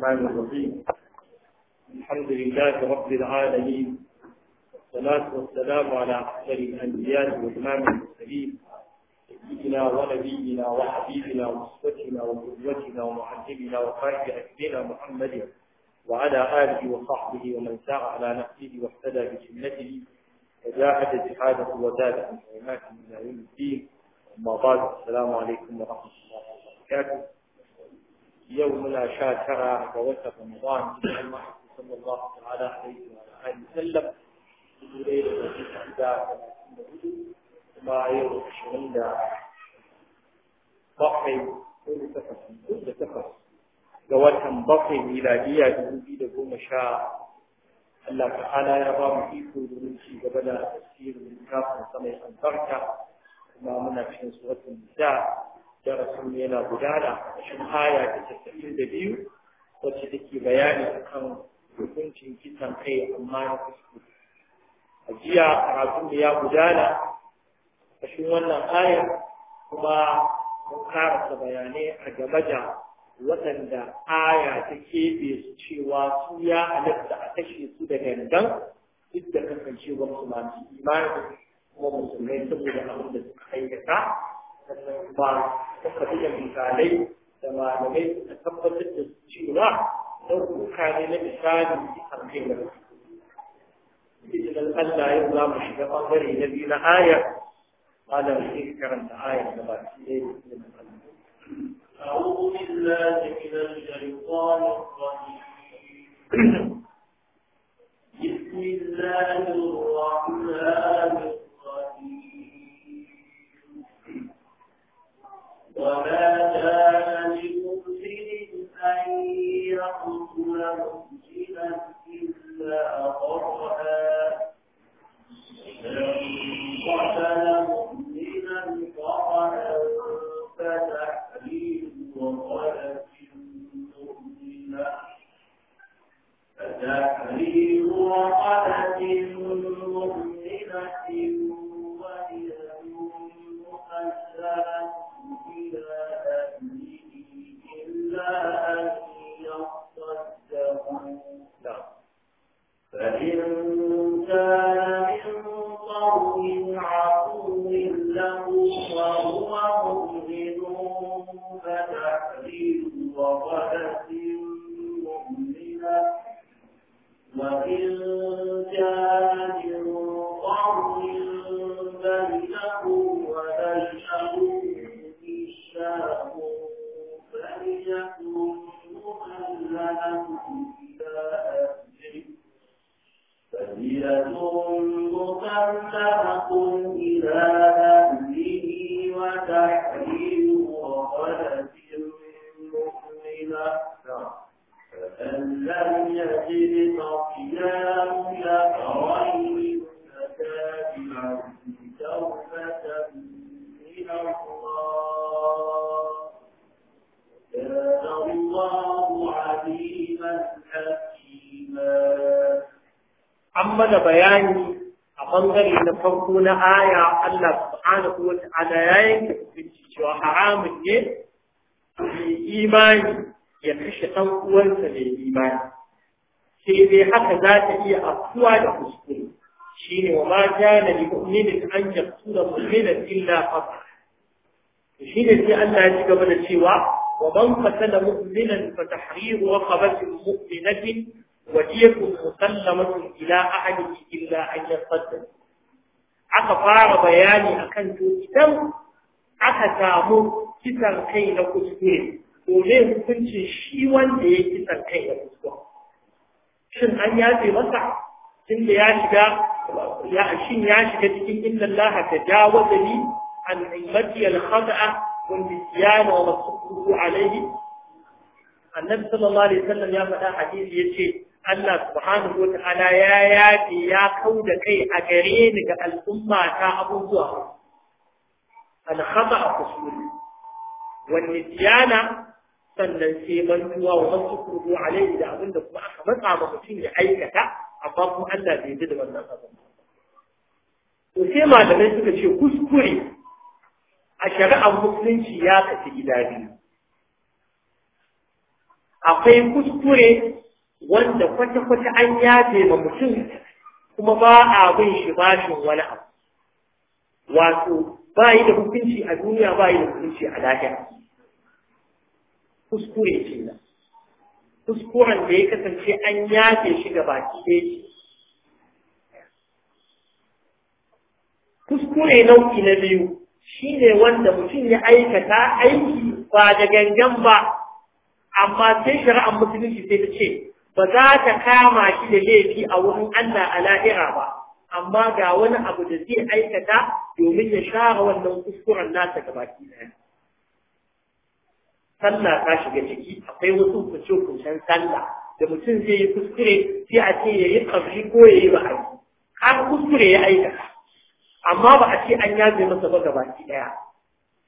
الرحمن الرحيم الحمد لله رب العالمين والصلاة والسلام على أكثر الأنبياء وإمام المرسلين سيدنا ونبينا وحبيبنا وصفتنا وقدوتنا ومعلمنا وقائد أكبرنا محمد وعلى آله وصحبه ومن سار على نفسه واهتدى بسنته وجاهد جهاده وزاد عن حرماته إلى يوم الدين أما بعد السلام عليكم ورحمة الله وبركاته يومنا شاكر ووسط رمضان المحمد صلى الله تعالى عليه وعلى آله وسلم ليلة الإحدى ما يوم شمينا بقي كل تفس كل تفس جواتهم بقي ميلادية جديدة قوم شاء الله تعالى رب فيكم قبل من كافر صلى الله عليه وسلم ما منا في سورة النساء darasin yana gudana cikin haya ta tattafin da biyu wacce take bayani a kan hukuncin kisan kai amma na kuskure a jiya karatun da ya gudana cikin wannan aya kuma mun karasa bayanai a game da waɗanda aya ta keɓe su cewa su ya halatta a kashe su da gangan duk da kasancewa su masu imani kuma musulmai saboda abin da suka aikata sannan ba suka fi misalai da malamai suka tabbatar da cewa ɗaukuka ne na misali a kai na Idan Allah yau za mu shiga ɓangare na biyu na aya, da sai karanta ayar da ba su ɗaya da Allah. أعوذ بالله an mana bayani a bangare na farko na aya Allah subhanahu wa ta'ala ya yanke bincike cewa haramun ne mai imani ya kashe ɗan uwansa mai imani sai dai haka za ta iya afuwa da kuskure shine wa ma kana li mu'minin an da mu'minan illa khata shine sai Allah ya ci gaba da cewa wa man qatala mu'minan fa tahriru raqabatin mu'minatin ودية مسلمة إلى أحد إلا أن يصدق aka fara bayani akan to idan aka samu kisan kai na kuskure to hukuncin shi wanda ya kisan kai na kuskure shin an yafe masa tun ya shiga ya shin ya shiga cikin inna Allah ta jawaza li an ummati annabi ya faɗa hadisi yace Allah subhanahu ta'ala ya yafe ya kau da kai a gare ni ga al'umma ta abubuwa alhama a kusuri wani tiyana sannan sai mantuwa wa wasu kurbu alaihi da abinda kuma aka matsa ma mutum ya aikata amma kuma Allah bai ji da wannan abin sai malamai suka ce kuskure a shari'ar musulunci ya tafi gida biyu akwai kuskure wanda kwata-kwata an yafe ma mutum kuma ba a bin shi bashin wani abu wato ba yi da hukunci a duniya ba yi da hukunci a lahira kuskure ce na kuskuren da ya kasance an yafe shi ga baki ɗaya kuskure nau'i na biyu shi ne wanda mutum ya aikata aiki ba da gangan ba amma sai shari'ar musulunci sai ta ce ba za ta kama shi da laifi a wurin Allah a lahira ba amma ga wani abu da zai aikata domin ya share wannan kuskuren nasa ga baki daya sallah ta shiga ciki akwai wasu hukunce hukuncen sallah da mutum zai yi kuskure sai a ce ya yi ƙarfi ko ya yi ba har kuskure ya aikata amma ba a ce an yaje masa ba ga baki daya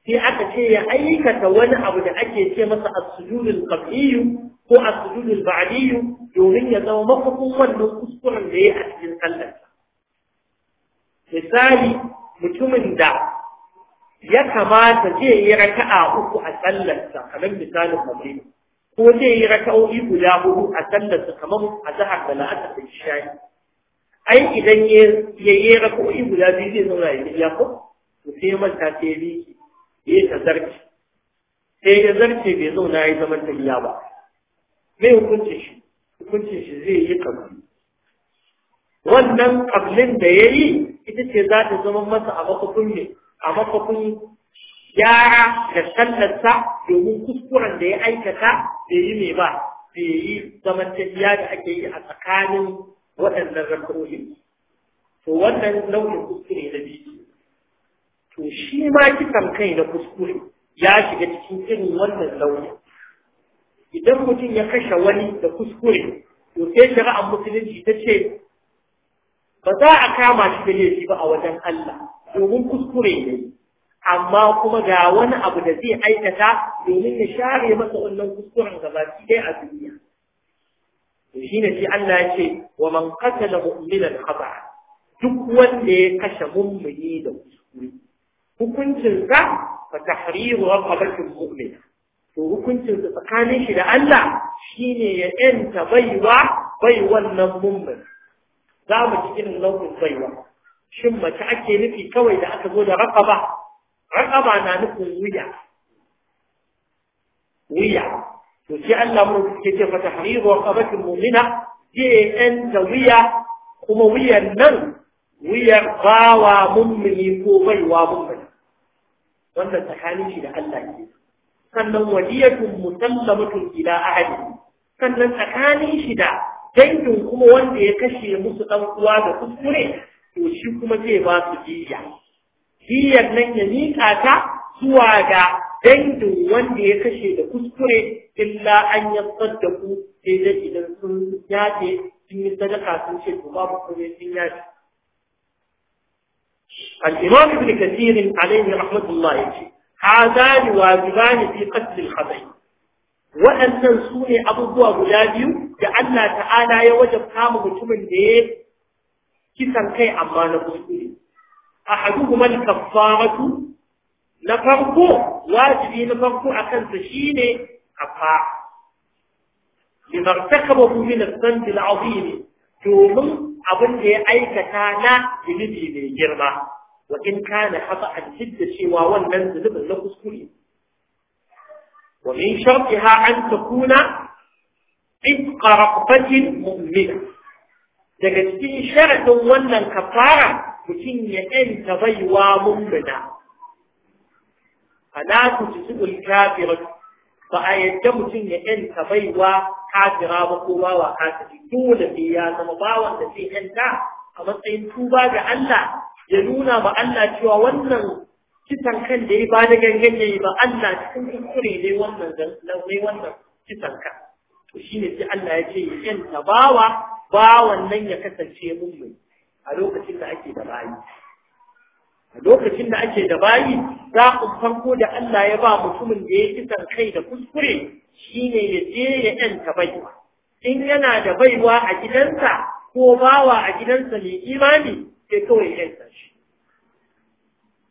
sai aka ce ya aikata wani abu da ake ce masa asujudul qabiyu ko asujudul ba'diyu domin ya zama mafakun wannan kuskuren da ya yi a cikin sallar misali mutumin da ya kamata zai yi raka'a uku a sallarsa kamar misalin magrib ko zai yi raka'o'i guda uku a sallarsa kamar a zahar da la'asar da shayi ai idan ya yi raka'o'i guda biyu zai zauna ya ko sai manta ta ya biki ya ta zarce sai ya zarce bai zauna ya zaman tafiya ba mai hukuncin shi hukuncin shi zai yi kabli wannan kablin da ya yi ita ce za ta zama masa a makafin ne a makafin gyara da sallarsa domin kuskuren da ya aikata bai yi mai ba bai yi zaman tafiya da ake yi a tsakanin waɗannan rakarohin to wannan nau'in kuskure na biyu to shi ma kisan kai da kuskure ya shiga cikin irin wannan launi idan mutum ya kashe wani da kuskure to sai shari'ar musulunci ta ce ba za a kama shi da laifi ba a wajen Allah domin kuskure ne amma kuma ga wani abu da zai aikata domin ya share masa wannan kuskuren gaba ɗaya a duniya ne shi Allah ya ce wa man qatala mu'minan khata duk wanda ya kashe mummuni da kuskure hukuncin sa fa tahriru raqabatil mu'min to hukuncin sa tsakanin shi da Allah shine ya yanta baiwa bai nan mu'min za mu ci irin lokacin baiwa shin mace ake nufi kawai da aka zo da raqaba raqaba na nufin wuya wuya to shi Allah mun ke ce fa tahriru raqabatil mu'mina ji yanta wuya kuma wuyan nan wuyar bawa mummuni ko baiwa mummuni wannan tsakanin shi da Allah ke sannan wadiyatun musallamatun ila ahadi sannan tsakanin shi da dangin kuma wanda ya kashe musu dan uwa da kuskure to shi kuma zai ba su jiya jiyar nan ya miƙa ta zuwa ga dangin wanda ya kashe da kuskure illa an yi saddaku sai da idan sun yace sun yi sadaka sun ce to babu kuma sun yace الإمام ابن كثير عليه رحمة الله يجي هذان واجبان في قتل الخبيث waɗannan sune abubuwa guda biyu da Allah ta'ala ya wajabta mu mutumin da ya kisan kai amma na kuskure a haduhuma al-kaffaratu na farko wajibi na farko akan sa shine kafa limartakabahu min al-dhanbi al-'azim domin abin da ya aikata na zunubi mai girma wa in kana hata'an hidda cewa wannan zunubin na kuskure wa min shartiha an takuna ifqa raqabatin mu'mina daga cikin sharadin wannan kafara mutum ya ɗanta baiwa mummuna fala tujzul kafiratu ba a yadda mutum ya ƴanta baiwa kafira ba ko bawa kafiri dole sai ya zama bawan da zai yanta a matsayin tuba ga Allah ya nuna ba Allah cewa wannan kisan kan da ya ba da gangan ne ba Allah cikin kuskure ne wannan ne wannan kisan kan to shi ne sai Allah ya ce ya ƴanta bawa bawan nan ya kasance mummuni a lokacin da ake da bayi lokacin da ake da bayi za ku farko da Allah ya ba mutumin da ya kisan kai da kuskure shine ya je ya ‘yanta baiwa in yana da baiwa a gidansa ko bawa a gidansa mai imani sai kawai ya ‘yanta shi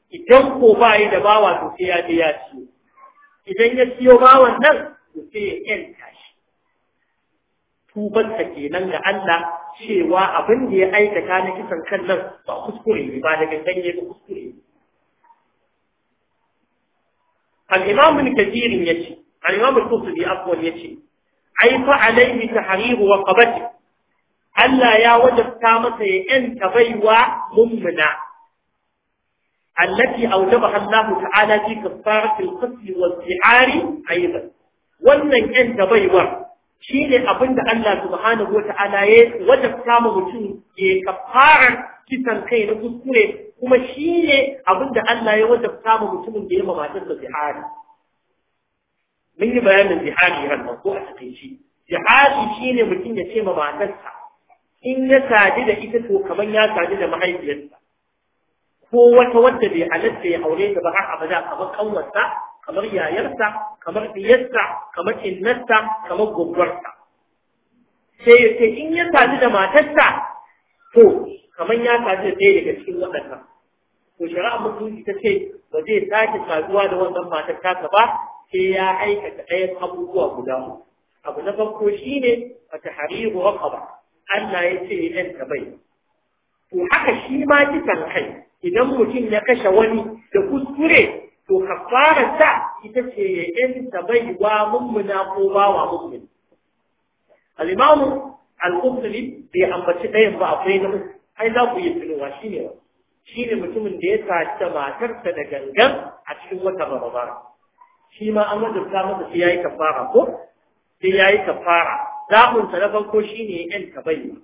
idan ko ba da bawa to sai ya je ya ciyo idan ya ciyo bawan nan to sai ya ‘yanta shi tubarsa kenan ga Allah cewa abin da ya aikata na kisan kan nan ba kuskure ne ba daga ganye ba kuskure ne. ya ce, al Kusur ya ya ce, ai fa alaihi tahriru wa qabati Allah ya wajabta masa ya ‘yan baiwa mummuna التي أوجبها الله تعالى في كفارة القتل والزعار أيضا. Wannan ‘yan بيوة shi ne abin da Allah subhanahu wa ta'ala ya wata samu mutum ya kafarar kisan kai na kuskure kuma shi ne abin da Allah ya wata samu mutumin da ya ma matarsa zihari mun yi bayanin zihari ran ko a cikin shi zihari shi ne mutum ya ce ma matarsa in ya sadu da ita to kamar ya sadu da mahaifiyarsa ko wata wadda bai halatta ya aure ta ba har abada kamar kanwarsa kamar yayarsa kamar diyarsa kamar innarsa kamar gogwarsa sai ya ce in ya sadu da matarsa to kamar ya sadu da ɗaya daga cikin waɗannan to shari'a mutunci ta ce ba zai sake saduwa da wannan matarsa taka ba sai ya aikata ɗayan abubuwa guda mu. abu na farko shine a ba. raqaba Allah ya ce yan bai. to haka shi ma kisan kai idan mutum ya kashe wani da kuskure to kafarar ta ita ce ya yanta baiwa mummuna ko bawa mummin al-imamu al-qurtubi bai ambaci ɗayan ba akwai na ai za ku yi tunowa shine wa shine mutumin da ya sace matarsa da gangan a cikin wata babbar shi ma an wajabta masa sai yayi kafara ko sai yayi kafara zaɓin sa na farko shine ya yanta baiwa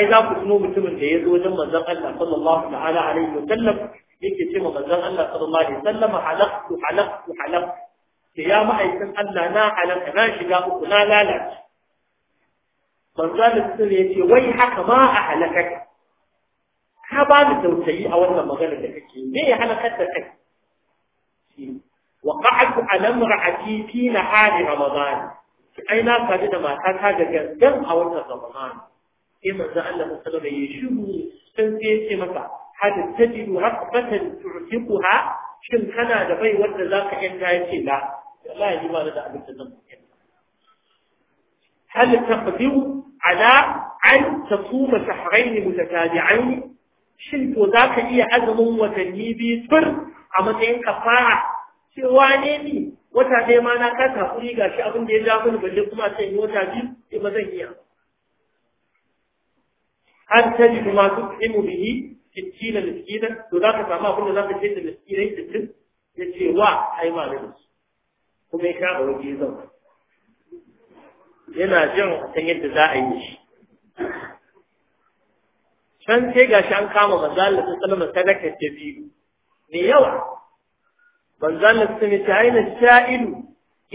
ai za ku tuno mutumin da ya zo wajen manzon Allah sallallahu ta'ala alaihi wa sallam yake ce ma manzon Allah sallallahu alaihi wasallam halaqtu halaqtu halaqtu ke ya ma'aikin Allah na halaka na shiga uku na lalace manzon Allah ya yace wai haka ma a halakaka ka ba ni tausayi a wannan magana da kake me ya halakar da kai wa qa'adtu ala imra'ati fi nahari ramadan ai na kaji da mata ta ga gangan a wannan ramadan sai manzon Allah sallallahu ya shiru sai ya masa hal tajidu raqbatan tu'tiquha shin kana da bai wanda zaka yanka yace la wallahi ni ba da abin da zan yi hal taqdiru ala an tasuma shahrayn mutatabi'ain shin to zaka iya azumin watanni biyu tur a matsayin kafara cewa ne ni wata ɗaya ma na kasa hakuri gashi abin da ya ja mini balle kuma sai yi wata biyu sai ba zan iya هل تجد ما تطعم به sittina miskinan to za ka samu abin da za ka ce da miskinai sittin ya ce wa ai ma da su kuma ya sha a ke zan yana jin san yadda za a yi shi can sai gashi an kama manzalin sun salama sadakar ta biyu me yawa manzalin sun ce aina sha'ilu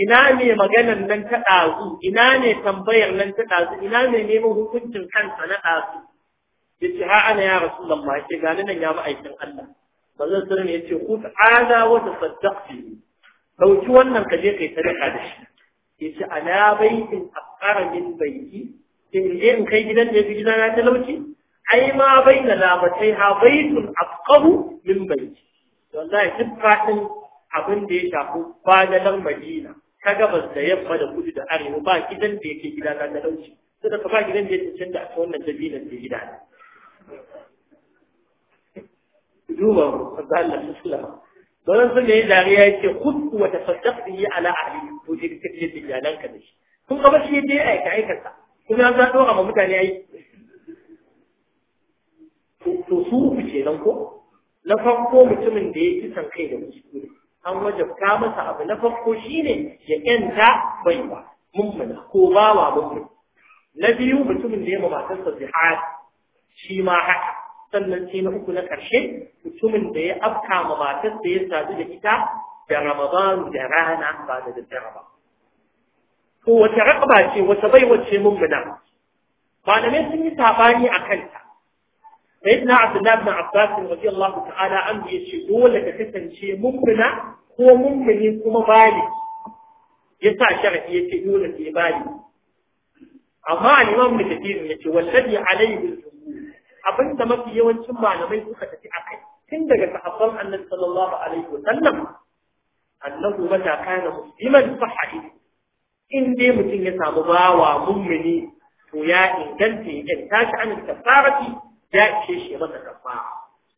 ina ne maganar nan ta ɗazu ina ne tambayar nan ta ɗazu ina ne neman hukuncin kansa na ɗazu yace ha ana ya rasulullah yace ga nan ya ma'aikin Allah bazan sallallahu yace ku ta'ala wa tasaddaqti dauki wannan kaje kai sadaka da shi yace ana baitin aqara min baiti in in kai gidan da yafi gidana talauci ai ma baina lamatai ha baitun aqaru min baiti wallahi duk fatin abin da ya shafi fadalar Madina ta gabas da yamma da kudu da arewa ba gidan da yake gida na talauci sai da ba gidan da yake canza da wannan dabilan da gida duba Allah sallama don sun da dariya ya ce kudu wata saddaq bihi ala ahli to je ka ce iyalan ka dashi kun ga bashi dai aika aika sa kun ya a ma mutane ai to su ku ce nan ko na farko mutumin da ya fi san kai da muskuri an wajabta masa abu na farko shine ya yanta baiwa mummuna ko bawa mummuna na biyu mutumin da ya ma matarsa jihad shi ma haka sannan sai na uku na ƙarshe mutumin da ya afka ma matar da ya sadu da ita da ramadan da rana ba da daddare ba to wata raƙaba ce wata bai wace mummuna malamai sun yi sabani a kanta na abdullahi ibn abbas radiyallahu ta'ala an ya shi dole ka kasance mummuna ko mummuni kuma bali yasa sharadi yace dole sai bali amma al-imam da kafirin yace wallahi alaihi Abin da mafi yawancin malamai suka tafi a kai tun daga sahabban annabi sallallahu alaihi wa sallam annahu mata kana musliman sahihi in dai mutum ya samu bawa mummuni to ya inganta ya tashi an kafarati ya ishe shi mata kafara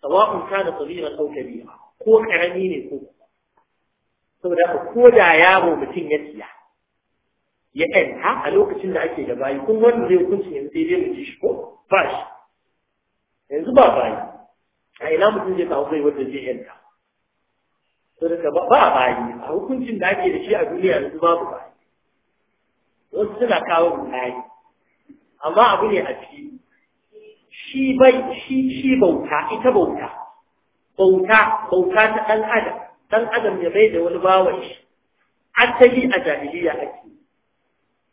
sawa'un kana sabira aw kabira ko karami ne ko saboda ko da yaro mutum ya siya ya a lokacin da ake da bayi kun wanda zai hukunci yanzu sai dai mu ji shi ko ba shi yanzu ba bayi a ina mutum zai samu zai wata zai yanta to daga ba bayi a hukuncin da ake da shi a duniya yanzu babu bayi wasu suna kawo bayi amma abu ne a ciki shi bai shi shi bauta ita bauta bauta bauta ta dan adam dan adam ya bai da wani bawan shi asali a jahiliya ake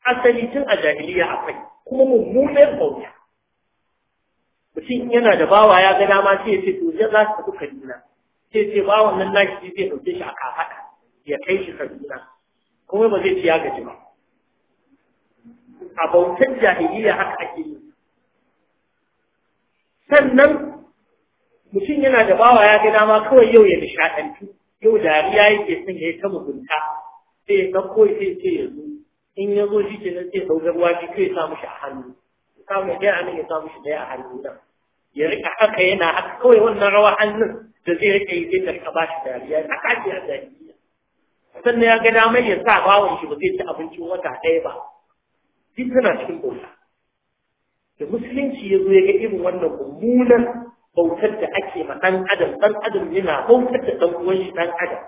asali tun a jahiliya akwai kuma mummunar bauta mutum yana da bawa ya ga dama sai ya ce to za su tafi kaduna sai ce bawan nan nashi zai ɗauke shi a kafaɗa ya kai shi kaduna kuma ba zai ci ya gaji ba a bautar jahiliya haka ake yi sannan mutum yana da bawa ya ga dama kawai yau ya nishaɗantu yau dariya yake son ya yi ta mugunta sai ya ɗauko sai ce ya zo in ya zo shi ke nan sai sauƙar wafi kai sa mushi a hannu samu ɗaya a ya samu shi ɗaya a hannu nan ya rika haka yana haka kawai wannan rawa hannun da zai rika yi zai tarka ba shi dariya haka ake a dariya sannan ya ga damar ya sa bawan shi ba zai ci abincin wata ɗaya ba duk suna cikin bauta da musulunci ya zo ya ga irin wannan mummunan bautar da ake ma ɗan adam ɗan adam yana bautar da ɗan uwan shi ɗan adam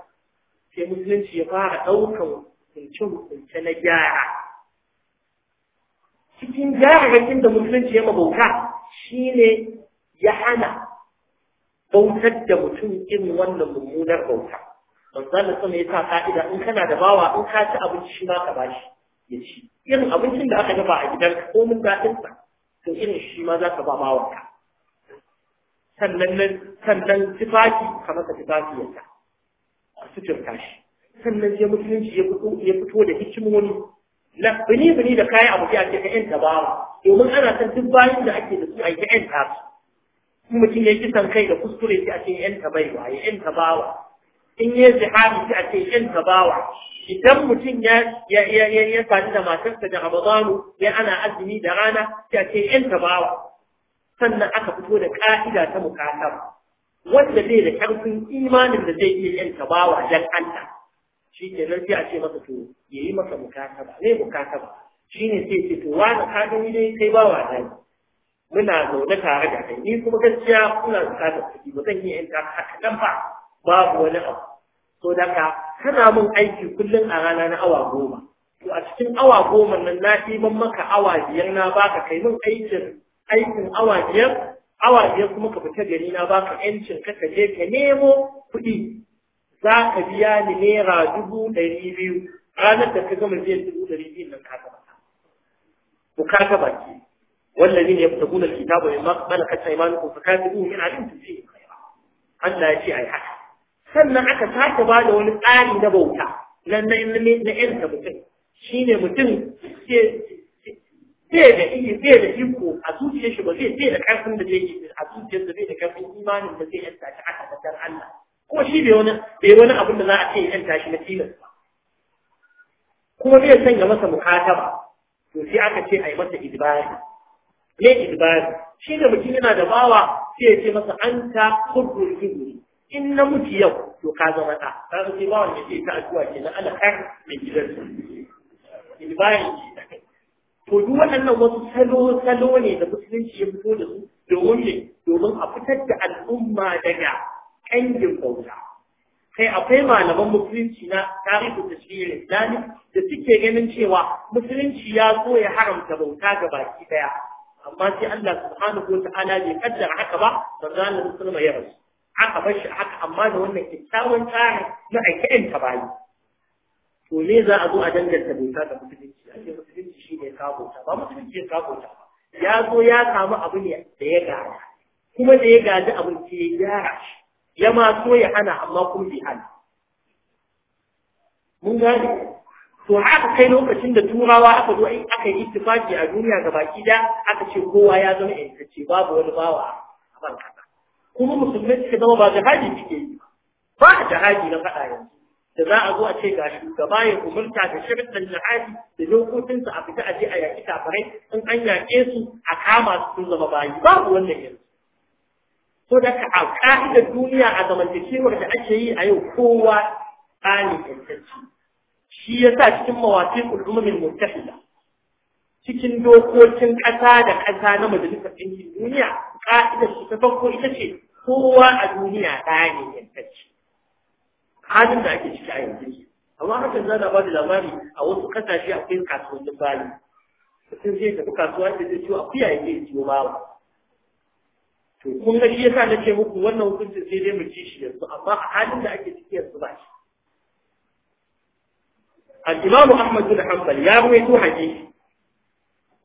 sai musulunci ya fara ɗaukan hukunce-hukunce na gyara cikin jararin da musulunci ya mabauta ne ya hana bautar da mutum irin wannan mummunar bauta da sama ya sa ka'ida in kana da bawa in ka ci abinci shi ma ka bashi ya ci irin abincin da aka dafa a gidan ko mun daɗin sa to irin shi ma za ka ba bawanka sannan sannan tufafi ka maka tufafi ya sa a shi sannan ya mutunci ya fito da hikimoni la bini bini da kayan abu ya ce ka yan tabawa domin ana san duk bayin da ake da su a yi yan mutum ya ji san kai da kuskure shi a ce yan tabaiwa ya yan tabawa in ya zihari shi a ce yan tabawa idan mutum ya ya ya ya sani da matarsa da Ramadanu ya ana azumi da rana shi a ce yan tabawa sannan aka fito da ka'ida ta mukatab wanda zai da karfin imanin da zai iya yan tabawa dan Allah shi ke nan sai a ce masa to ya yi maka mukataba ne ba. shi ne sai ce to wani ka gani kai ba wa ne muna zaune tare da kai ni kuma gaskiya kuna bukatar kuɗi ba zan yi in ka haka nan ba babu wani abu to da ka kana mun aiki kullum a rana na awa goma to a cikin awa goma nan na ɗiban maka awa biyar na baka kai mun aikin aikin awa biyar awa biyar kuma ka fita gari na baka yancin ka ka je ka nemo kuɗi za ka biya ni naira dubu ɗari biyu ranar da ka gama biyan dubu ɗari biyu nan ka gaba ku ka gaba ke wallazi ne ya fita gunar kitabu ne malakata imanukum fa katibu min alim tusihi khaira Allah ya ce ai haka sannan aka sake ba da wani tsari na bauta na na na irka mutum shine mutum sai da iya sai da iko a zuciyar shi ba zai sai da karfin da zai yi a zuciyar da zai da karfin imanin da zai yanta shi aka da Allah kuma shi bai wani bai wani abin da za a ce yan shi na tilas ba kuma bai san ga masa mukataba to sai aka ce a yi masa idbari ne idbari shi da mutum yana da bawa sai ya ce masa anta ta kudur in na mutu yau to ka zama ta ka sai bawan ya ce ta addu'a ke na ana kai mai gidansu idbari to duk waɗannan wasu salo salo ne da musulunci ya fito da su domin domin a fitar da al'umma daga kangin bauta kai akwai malaman musulunci na tarihi da shirin islami da suke ganin cewa musulunci ya so ya haramta bauta ga baki daya amma sai Allah subhanahu wa ta'ala bai kaddar haka ba za Allah musulma ya rasu aka bar shi haka amma da wannan kyakkyawan tsari na aikin ta bayi to me za a zo a danganta bauta ga musulunci a ce musulunci shi ne ka bauta ba musulunci ya ka bauta ba ya zo ya samu abu ne da ya gada kuma da ya gada abin ke ya gyara shi ya ma so ya hana amma kuma bi hana mun gane to haka kai lokacin da turawa aka zo aka yi ittifaki a duniya ga baki da aka ce kowa ya zama yantacce babu wani bawa a ban kasa kuma musulmai suka zama ba jihadi suke yi ba ba jihadi na faɗa yanzu da za a zo a ce ga Gaba ya umarta da shirin jihadi da dokokinsa a fita a je a yaƙi kafirai in an yaƙe su a kama su sun zama bayi babu wannan yanzu so da ka a da duniya a zamantakewar da ake yi a yau kowa tsani tantance shi ya sa cikin mawaƙi ulumumin mutahila cikin dokokin ƙasa da ƙasa na majalisar ɗinkin duniya ƙa'idar su ta farko ita ce kowa a duniya tsani ne yantacce halin da ake ciki a yanzu amma haka za na ba da labari a wasu ƙasashe akwai bali bayi mutum zai tafi kasuwa da zai ciwo akuya ya zai ciwo bawa to kun ga shi yasa nake muku wannan hukunci sai dai mu ci shi yanzu amma a halin da ake ciki yanzu ba shi al-Imam Ahmad bin Hanbal ya to hadisi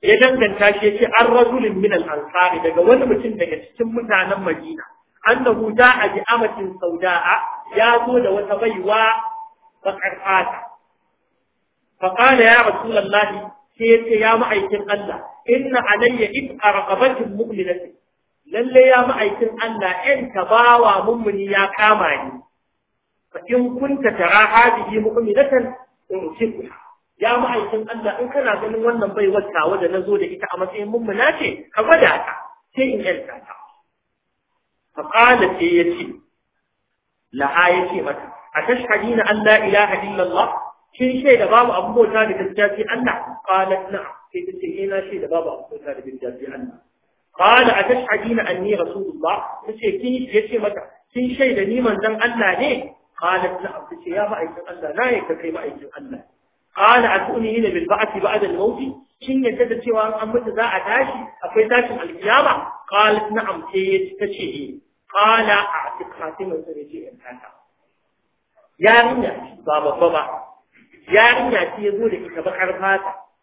ya danganta shi yake an rajulin min al ansar daga wani mutum daga cikin mutanen Madina annahu da'a bi amatin sauda'a ya zo da wata baiwa bakar fata fa qala ya rasulullahi sai yace ya ma'aikin Allah inna alayya ibqa raqabatin mu'minatin lalle ya ma'aikin Allah ‘yan ka wa mummuni ya kama ni, fa in kunta tara hadihi mu'minatan in usiku ya ma'aikin Allah in kana ganin wannan bai wata wadda na zo da ita a matsayin mummuna ce ka gwada ta sai in ‘yanta ta. Fa ƙala ce ya ce, laha ya ce mata, a tashhadi na Allah ilaha illallah kin shaida babu abin bauta da gaskiya sai Allah ƙalat na'am sai ta ce ina eh, shaida babu abin bauta da gaskiya sai Allah. qala atashhadina anni rasulullah tace kin yace mata kin shaida ni manzon Allah ne qalat na'am tace ya ma'aikin Allah na yake kai ma'aikin Allah qala atu'minina bil ba'thi ba'da al mawt kin yadda da cewa an mutu za a tashi akwai tashin alkiyama qalat na'am sai eh, tace eh qala a'tiq khatimin sai ce in haka yarinya ba babba ba yarinya ce yazo da ita bakar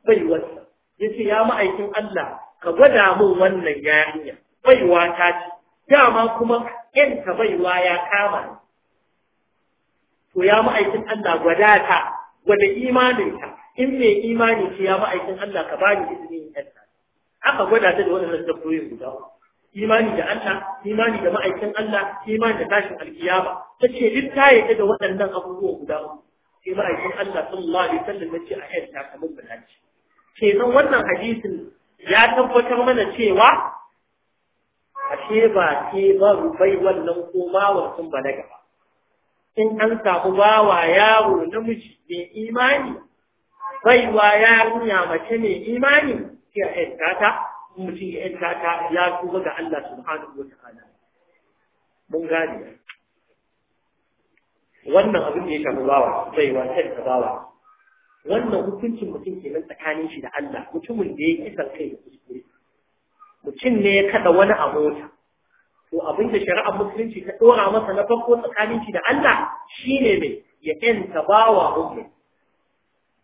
bai wasa ya Allah ka gwada min wannan yarinya baiwa ta ce dama kuma in ka baiwa ya kama to ya ma'aikin Allah gwada ta gwada imanin ta in mai imani ce ya ma'aikin Allah ka bani izinin yanta aka gwada ta da wannan dabbobin guda imani da Allah imani da ma'aikin Allah imani da tashin alkiyama tace duk ta yi da waɗannan abubuwa guda sai ma'aikin Allah sallallahu alaihi wasallam ce a bada kamar Ke kenan wannan hadisin ya tabbatar mana cewa ashe ba ke ba rubai wannan ko bawar sun balaga ba in an samu bawa yaro namiji mai imani baiwa yarinya mace mai imani ke a 'yantata, ta mutum ya yanka ta ya tuba ga Allah subhanahu wataala mun gane wannan abin da ya shafi bawa baiwa yanka bawa wannan hukuncin mutum kenan tsakanin shi da Allah mutumin da ya kisan kai da kuskure mutum ne ya kada wani a mota to abin da shari'ar musulunci ta dora masa na farko tsakanin shi da Allah shine mai ya yanta bawa hukum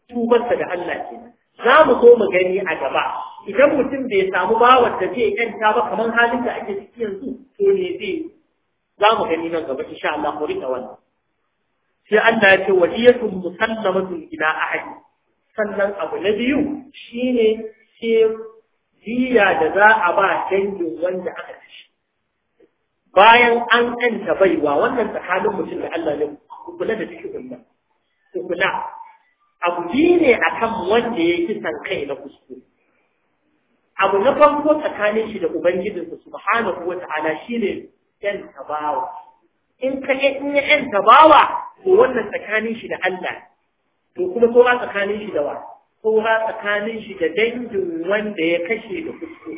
tubarsa da Allah kenan za mu zo mu gani a gaba idan mutum bai samu bawar da zai yanta ba kamar halin da ake ciki yanzu to ne zai za mu gani nan gaba insha Allah ku rika wannan sai Allah ya ce waliyatun musallamatun ila ahadi sannan abu na biyu shine ke diya da za a ba dangin wanda aka kashe bayan an kanta baiwa wannan tsakanin mutum da Allah ne kula da cikin to kula abu ne akan wanda ya kisan kai na kuskure abu na farko tsakanin shi da ubangijinsa subhanahu wata'ala shine yan tabawa in ka in yan tabawa to wannan tsakanin shi da Allah to kuma kowa tsakanin shi da wa kowa tsakanin shi da dangin wanda ya kashe da kusko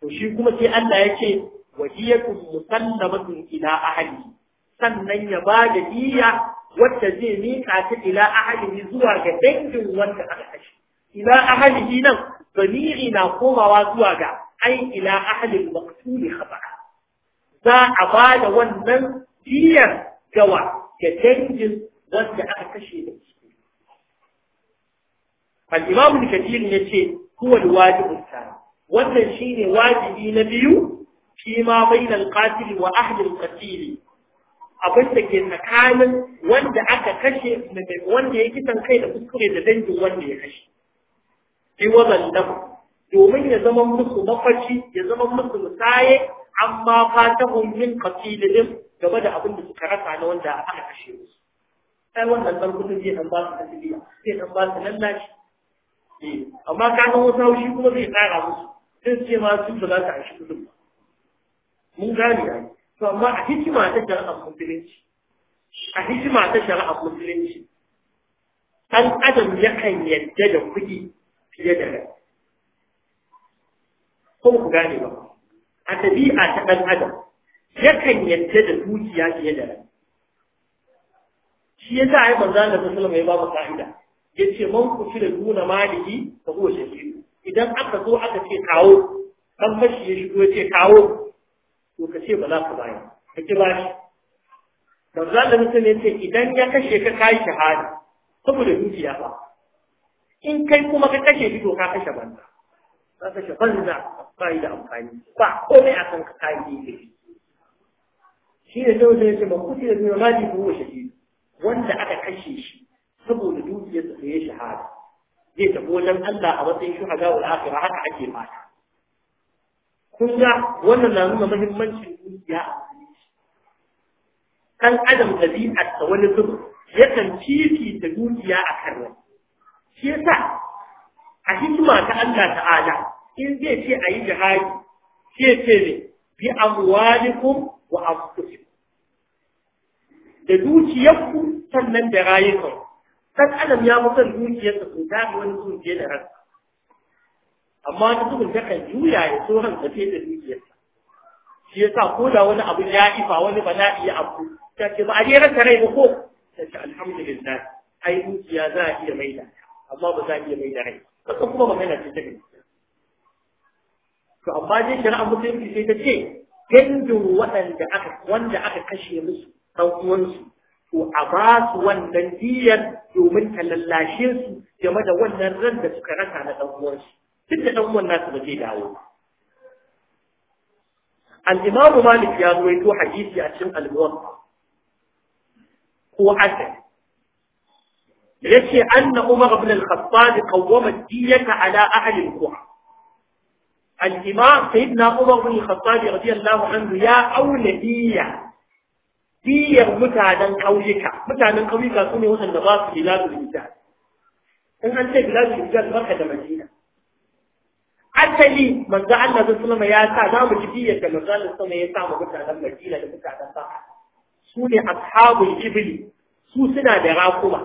to shi kuma sai Allah ya ce wajiyatun musallamatun ila ahli sannan ya ba da diya wacce zai mika ta ila ahli zuwa ga dangin wanda aka kashe ila ahli nan zamiri na komawa zuwa ga ai ila ahli al-maqtul khata za a ba da wannan diyar gawa ka canjin wanda aka kashe da ciki al-imam al-kathir yace huwa al-wajib al wannan shine wajibi na biyu shi ma bainan al wa ahli al-qatil abin da ke tsakanin wanda aka kashe wanda ya kisan kai da kuskure da dangin wanda ya kashe fi wazan dam domin ya zama musu mafaci ya zama musu musaye amma fata min qatilihim game da abin da suka rasa na wanda aka kashe musu ai wannan barkutun zai dan ba su tasiriya zai dan ba su lallashi eh, amma ka san wasu haushi kuma zai tsara musu sai su ce ma su ba za su aishi kudin ba mun gane ai to amma a hikima ta shari'ar musulunci a hikima ta shari'ar musulunci ɗan adam yakan yadda da kuɗi fiye da rai ko ku gane ba a tabi'a ta ɗan adam yakan yadda da dukiya fiye da rai shi yasa ai manzo Allah sallallahu da wasallam ya ba Ya yace man ku kufira duna maliki fa huwa shahid idan aka zo aka ce kawo kan mashi ya shigo ya ce kawo to ka ce ba za ka bayar ka ki bashi manzo Allah sallallahu alaihi wasallam yace idan ya kashe ka kai shahada saboda dukiya ba, in kai kuma ka kashe shi to ka kashe banza ka kashe banza ba yi da amfani ba komai a kan ka kai ne shi ne sai ya ce ba kuti da zai mali ko wa shahidu wanda aka kashe shi saboda dukiyar sa ya shahada zai tafi wajen Allah a matsayin shuhada ul akhira haka ake fata kun ga wannan na nuna muhimmancin dukiya a kan adam tabi'ar ta wani zubu yakan fifita dukiya a kan wani shi yasa a hikima ta Allah ta'ala in zai ce a yi jihadi sai ce ne bi amwalikum wa abu anfusikum da dukiyarku sannan da rayukanku dan adam ya mutan dukiyarsa to da wani zuciya da ransa amma da dukun ta kan juya ya so ransa fiye da dukiyarsa shi ya sa ko da wani abu ya ifa wani ba za iya abu ta ce ba a je ranka rai ba ko ta ce alhamdulillah ai dukiya za a iya maida amma ba za a iya maida rai kasan kuma ba magana ce ta gaskiya to amma dai shari'a musulunci sai ta ce dangin waɗanda aka wanda aka kashe musu ɗan uwansu to a ba su wannan diyar domin ta lallashe su game da wannan ran da suka rasa na ɗan uwansu duk da ɗan uwan nasu ba zai dawo al-imam malik ya ruwaito hadisi a cikin al-muwatta ko hasan yace anna umar ibn al-khattab qawwama diyata ala ahli al-qura الإمام سيدنا عمر بن الخطاب رضي الله عنه يا أولدية diyar mutanen ƙauyuka mutanen ƙauyuka su ne waɗanda ba su biladul hijaz in an ce biladul hijaz maka da madina asali manzo Allah sallallahu ya sa za mu ji diyar da manzo Allah sallallahu ya sa mu mutanen madina da mutanen sa'a su ne ashabul su suna da rakuma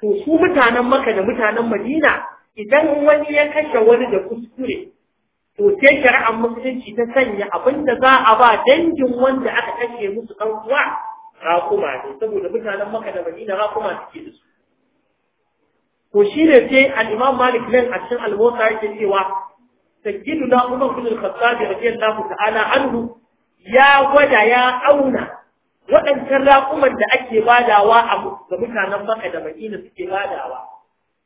to mutanen maka da mutanen madina idan wani ya kashe wani da kuskure to sai shari'ar musulunci ta sanya abin da za a ba dangin wanda aka kashe musu kan kuwa raƙuma ne saboda mutanen maka da madina raƙuma suke da su to shi ne sai al malik nan a cikin almosa yake cewa sayyiduna umar bin al-khattab radiyallahu ta'ala anhu ya gwada ya auna waɗancan raƙuman da ake badawa a ga mutanen maka da madina suke badawa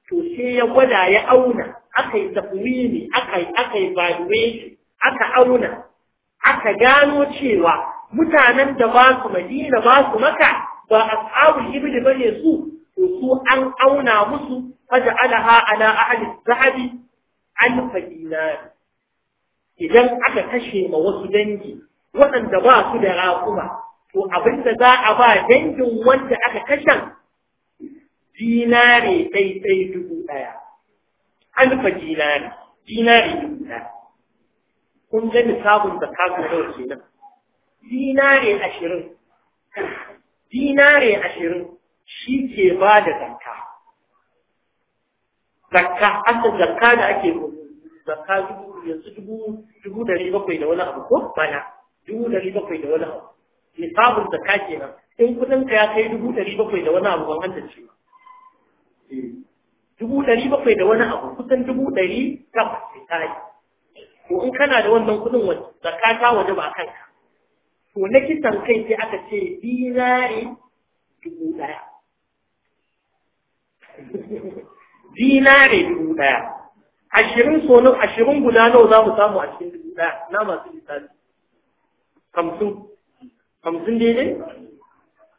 to sai ya gwada ya auna aka yi akai aka yi aka yi valuation aka auna aka gano cewa mutanen da ba su madina ba su maka ba ashabul ibli bane su to su an auna musu faj'alaha ala ahli zahabi an fadina idan aka kashe ma wasu dangi waɗanda ba su da raƙuma to abinda za a ba dangin wanda aka kashe dinare ɗaiɗai dubu ɗaya alfa dinari dinari guda kun ga nisabun da ka gano nawa kenan dinari ashirin dinari ashirin shi ke ba da zakka zakka asa zakka da ake zakka dubu yanzu dubu dubu dari bakwai da wani abu ko bana dubu dari bakwai da wani abu nisabun zakka nan in kudin ka ya kai dubu dari bakwai da wani abu ban hanta ce ba dubu ɗari bakwai da wani abu kusan dubu ɗari takwas sai ta ko in kana da wannan kuɗin waje zakata waje ba kanka to na kisan kai sai aka ce dinari dubu ɗaya dinari dubu ɗaya ashirin so ashirin guda nawa za mu samu a cikin dubu ɗaya na masu misali hamsin hamsin daidai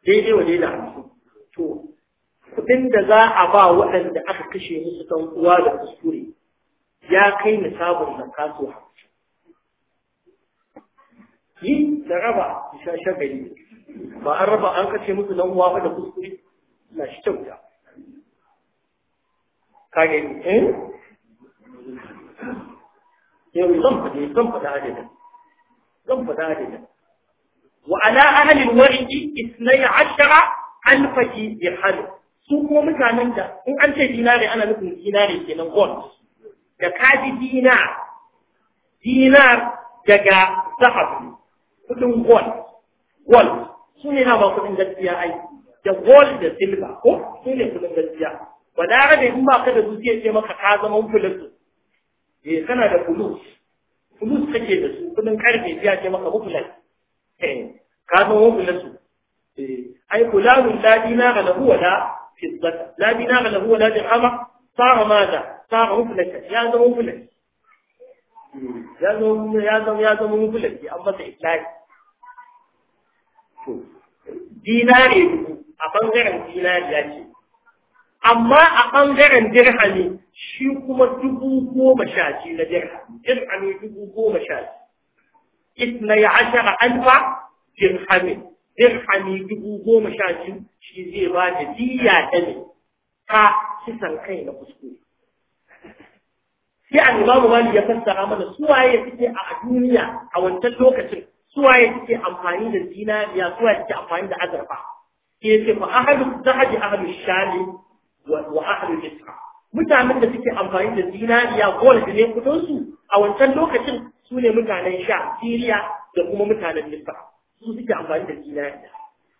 daidai wa daidai hamsin to kuɗin da za a ba waɗanda aka kashe musu ta uwa da kuskure ya kai sabon da kaso hamsin yi da raba isa shagari ba an raba an kashe musu na uwa da kuskure na shi kyauta ka gani eh yau zan faɗi zan faɗi adadin zan faɗi adadin وعلى أهل الورد اثني عشر ألف درهم su kuma mutanen da in an ce dinari ana nufin dinari kenan gold da kaji dinar dinar daga zahab kudin gold gold su ne na ba kudin gaskiya ai da gold da silver ko su ne kudin gaskiya ba da rabe in ba ka da zuciya ce maka ka zama fulus eh kana da fulus fulus kake da su kudin karfe biya ce maka mufulai eh ka zama mufulasu eh ai da dinar da huwa da فضة لا دينار له ولا درهم صار ماذا صار مفلسا يا ذا مفلس يا ذا يا ذا يا ذا مفلس أما إطلاق dinari a ɓangaren dinari ya ce amma a ɓangaren dirhami shi kuma dubu goma sha ce na dirhami dirhami dubu goma sha ce isna ya alfa dirhami dubu goma sha biyu shi zai ba da diya ta ne ta kisan kai na kuskure sai an imamu mali ya fassara mana suwaye suke a duniya a wancan lokacin suwaye suke amfani da zinariya suwaye suke amfani da azurfa ke ce fa ahadu a ahadu shali wa ahadu misra mutanen da suke amfani da zinariya da ne kudin a wancan lokacin su ne mutanen sha siriya da kuma mutanen misra su suke amfani da zinariya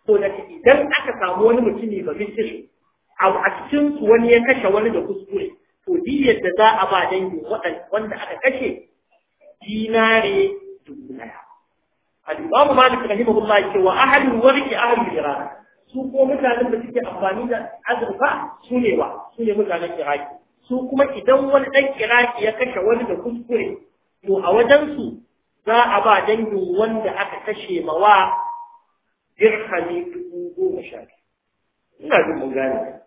to da idan aka samu wani mutumi ba misiri a cikin su wani ya kashe wani da kuskure to diyar da za a ba dangin wanda aka kashe dinare dubu daya al-imamu malik rahimahullah yake wa ahlul warqi ahlul iraq su ko mutanen da suke amfani da azurfa su ne wa su ne mutanen iraki su kuma idan wani dan iraki ya kashe wani da kuskure to a wajen su za a ba dangin wanda aka kashe mawa dirhami dubu goma sha ina jin mun gane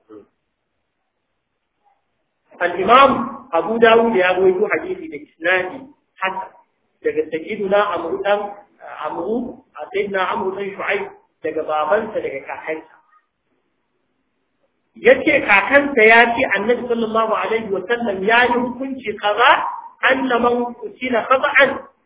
al-imam abu dawud ya goyi hadisi da isnadi haka daga sayyiduna amru dan amru a sayyidina amru dan shu'aib daga babansa daga kakansa yace kakansa ya ce annabi sallallahu alaihi wa sallam ya yi hukunci kaza Annaman man qutila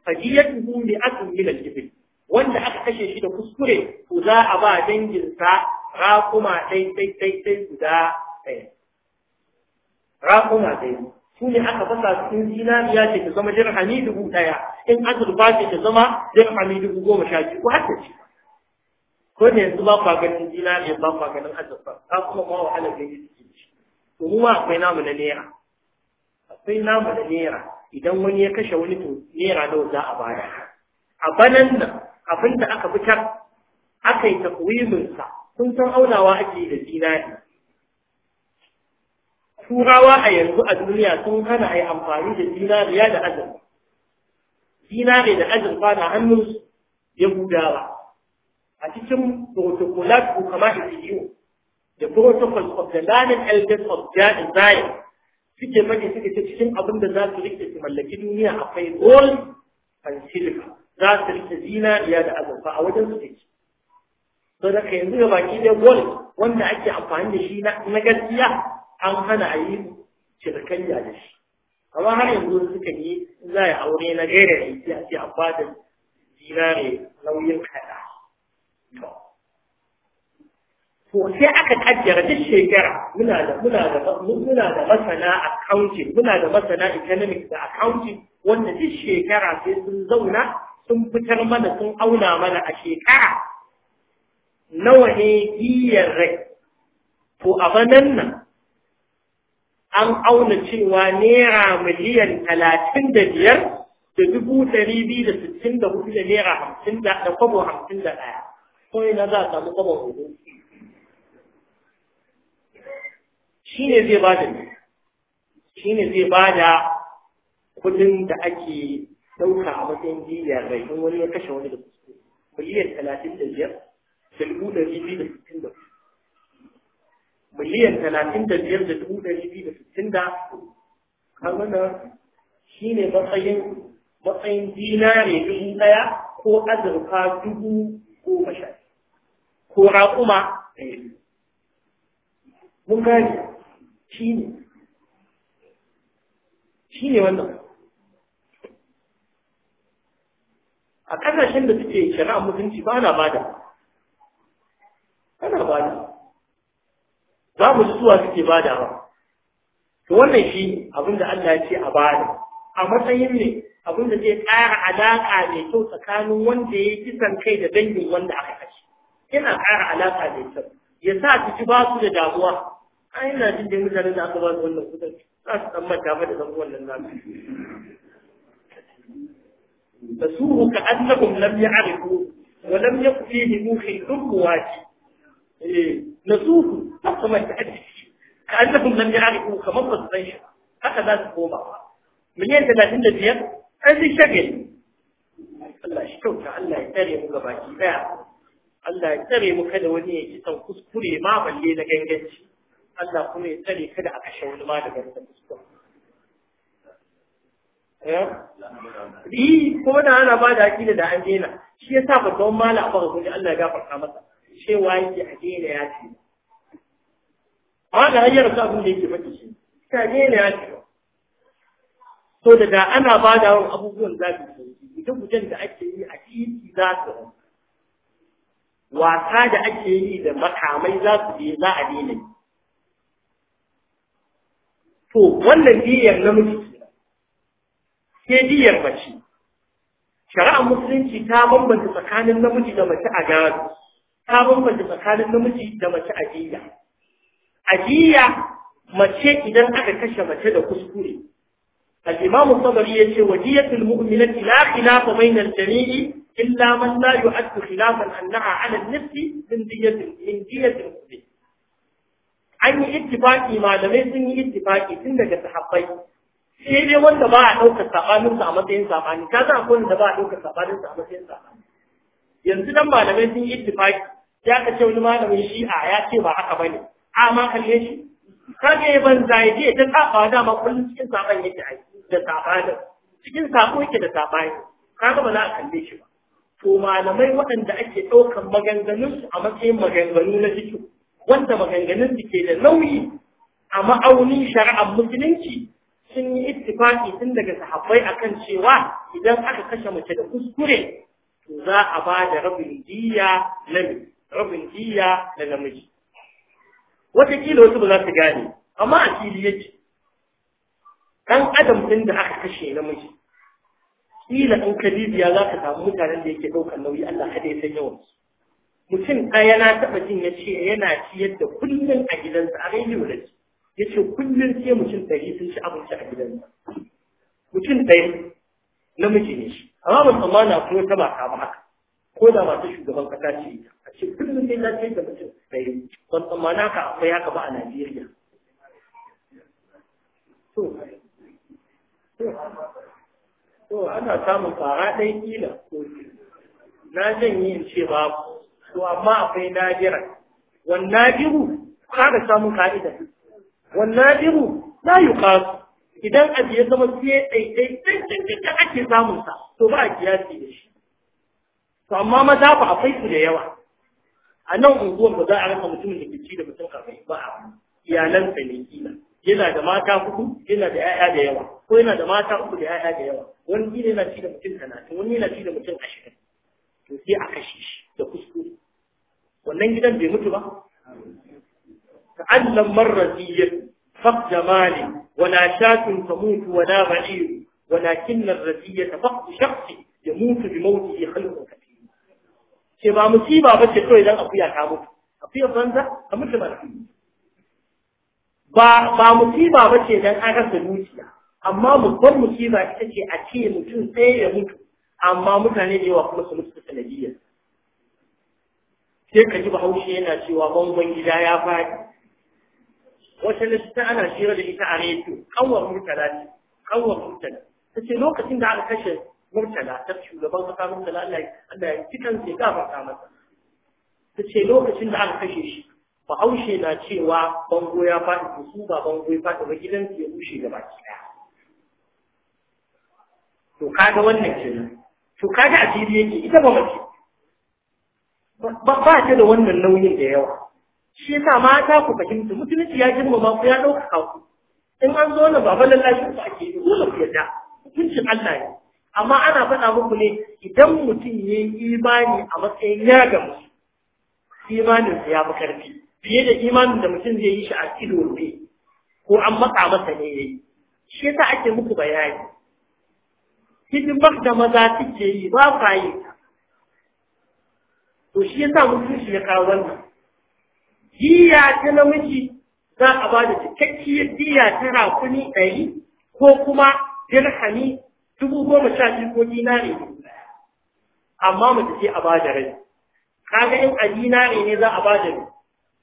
fadiyatuhu mi'atun min al wanda aka kashe shi da kuskure to za a ba danginsa raƙuma dai dai dai dai guda ɗaya raƙuma dai su ne aka fasa cikin zinariya ce ta zama dirhami dubu ɗaya in ba ce ta zama dirhami dubu goma sha biyu ce ko ne yanzu ba kwa ganin zinariya ba kwa ganin azurfa ta kuma ma wahalar su suke ci to akwai namu na naira akwai namu na naira idan wani ya kashe wani to naira nawa za a bada a banan da abin da aka fitar aka yi takwimin sa kun san aunawa ake da zinari turawa a yanzu a duniya sun hana a yi amfani da ya da azurfa zinari da azurfa na hannun gudawa a cikin protocolat ko kama da the protocols of the learned elders of Zion suke faɗi suka ce cikin abin da za su rike su mallaki duniya akwai gold an silver za su rike zinariya da azurfa a wajen su take to da ka yanzu baki da gol wanda ake amfani da shi na gaskiya an hana a yi cinikayya da shi amma har yanzu suka yi za a aure na gaira da ita a ce a bada zinare nauyin kaɗa. to sai aka kaddara duk shekara muna da muna da muna da masana accounting muna da masana economics da accounting wanda duk shekara sai sun zauna sun fitar mana sun auna mana a shekara nawa ne diyar rai to a banan nan an auna cewa naira miliyan talatin da biyar da dubu ɗari biyu da sittin da hudu da naira hamsin da kwabo hamsin da ɗaya ko ina za a samu kwabo hudu shi ne zai bada ne zai bada kudin da ake dauka a matsayin jiyar rai in wani ya kashe wani da miliyan talatin da biyar da dubu ɗari biyu da sittin da miliyan talatin da biyar da dubu ɗari biyu da sittin da kamar shi ne matsayin matsayin dinare dubu ɗaya ko azurfa dubu goma sha ko raƙuma ɗaya mun gani shi ne shi ne wannan a ƙasashen da suke shari'a mutunci ba na bada ba na bada za mu ji zuwa suke bada ba to wannan shi abin da Allah ya ce a bada a matsayin ne abin da zai ƙara alaƙa mai kyau tsakanin wanda ya yi kisan kai da dangin wanda aka kashe yana ƙara alaƙa mai kyau ya sa su ji ba su da damuwa a ina jin da mutanen da aka ba su wannan kudin za su dan manta ba da zan wannan zamu fasuhu ka annahum lam ya'rifu wa lam yakun fihi muhin dukwati eh nasuhu kuma ta hadisi ka annahum lam ya'rifu kamar ba su san shi haka za su koma miliyan talatin da biyar an yi shagin Allah shi kyauta Allah ya tsare mu gabaki daya Allah ya tsare mu kada wani ya ji san kuskure ma balle na ganganci Allah kuma ya tsare kada a kashe wani ma daga rasa kuskure Yi ko da ana ba da aƙida da an dena shi ya sa babban mala abu hukuni Allah ya gafarta masa cewa yake a dena ya ce. Mala hanyar sa abin da yake faɗi shi, ta dena ya ce. To da da ana ba da wani abubuwan za su yi, guje-gujen da ake yi a titi za su wasa da ake yi da makamai za su yi za a dena yi. to wannan diyar namiji kenan ke diyar mace shari'ar musulunci ta bambanta tsakanin namiji da mace a gado ta bambanta tsakanin namiji da mace a diya a diya mace idan aka kashe mace da kuskure al-imam sabari ya wadiyatul mu'minati la khilafa bainal jami'i illa man la yu'addu khilafan annaha 'ala an-nafsi min diyatin an yi ittifaki malamai sun yi ittifaki tun daga sahabbai sai dai wanda ba a ɗaukar sabanin sa a matsayin sabani ka san akwai wanda ba a ɗaukar sabanin sa a matsayin saɓani yanzu dan malamai sun yi ittifaki ya ka ce wani malamin shi'a ya ce ba haka bane a ma kalle shi kage ya banza ya je ta saba ma kullum cikin saɓan yake ai da sabani cikin saɓo yake da saɓani ga ba za a kalle shi ba to malamai waɗanda ake ɗaukar maganganunsu a matsayin maganganu na cikin wanda maganganun su ke da nauyi a ma'aunin shari'ar musulunci sun yi ittifaki tun daga sahabbai akan cewa idan aka kashe mace da kuskure to za a ba da rabin jiya na rabin jiya na namiji wasu ba za su gane amma a fili yake ɗan adam ɗin da aka kashe namiji kila ɗan kadibiya za ka samu mutanen da yake ɗaukar nauyi Allah kada ya san yawansu mutum ɗaya na taɓa jin ya ce yana ciyar da kullum a gidansa a rediyo da shi ya ce kullum sai mutum ɗari sun ci abinci a gidansa mutum ɗaya namiji ne shi amma ban na kuma ta mata ba haka ko da masu shugaban kasa ce a ce kullum sai ta ce da mutum ɗaya ban na ka akwai haka ba a Najeriya. To, ana samun fara ɗaya ƙila ko na janye in ce babu to amma akwai nadira wan nadiru kada samu ka'ida wan nadiru la yuqas idan abu ya zama sai dai dai da ake samun sa to ba a kiyasi da shi to amma maza ba akwai su da yawa a nan unguwar ba za a rasa mutumin da kici da mutum kafin ba a sa ne kila yana da mata huɗu, yana da 'ya'ya da yawa ko yana da mata uku da 'ya'ya da yawa wani kila yana ci da mutum talatin wani yana ci da mutum ashirin to sai a kashe shi da kuskure wannan gidan bai mutu ba fak ta'allam mutu wana مال wana شاة تموت ta fak shafi ya mutu bi يموت ya halin كثير ce ba musiba ba ce kawai dan akuya ta mutu akuya banza ka mutu ba ba musiba ba ce dan an rasa dukiya amma babban musiba ita ce a ce mutum sai ya mutu amma mutane da yawa kuma su mutu sanadiyar sai ka ji bahaushe yana cewa bangon gida ya faɗi wata lissa ana shira da ita a reto kanwar murtala ce kanwar murtala ta ce lokacin da aka kashe murtala ta shugaban kasa murtala Allah ya ci kan sai gafarta masa ta ce lokacin da aka kashe shi bahaushe na cewa bango ya faɗi ko su ba bango ya faɗi ba gidan ya rushe gaba ɗaya to kaga wannan kenan to kaga a fili yake ita ba mace ba ta da wannan nauyin da yawa shi yasa mata ku fahimta mutunci ya girmama ku ya ka ku in an zo na baba lallashi ku ake yi dole ku yadda hukuncin Allah ne amma ana faɗa muku ne idan mutum ya yi imani a matsayin ya gamu imanin ya fi ƙarfi fiye da imanin da mutum zai yi shi a ido ne ko an matsa masa ne ya yi shi yasa ake muku bayani hidimar da maza suke yi ba fa yi to shi ya mutum shi ya kawo wannan diya ta namiji za a ba da cikakkiyar diya ta rakuni ɗari ko kuma dirhami dubu goma sha biyu ko dinari amma mace ce a ba da rai kaga in a dinare ne za a ba da rai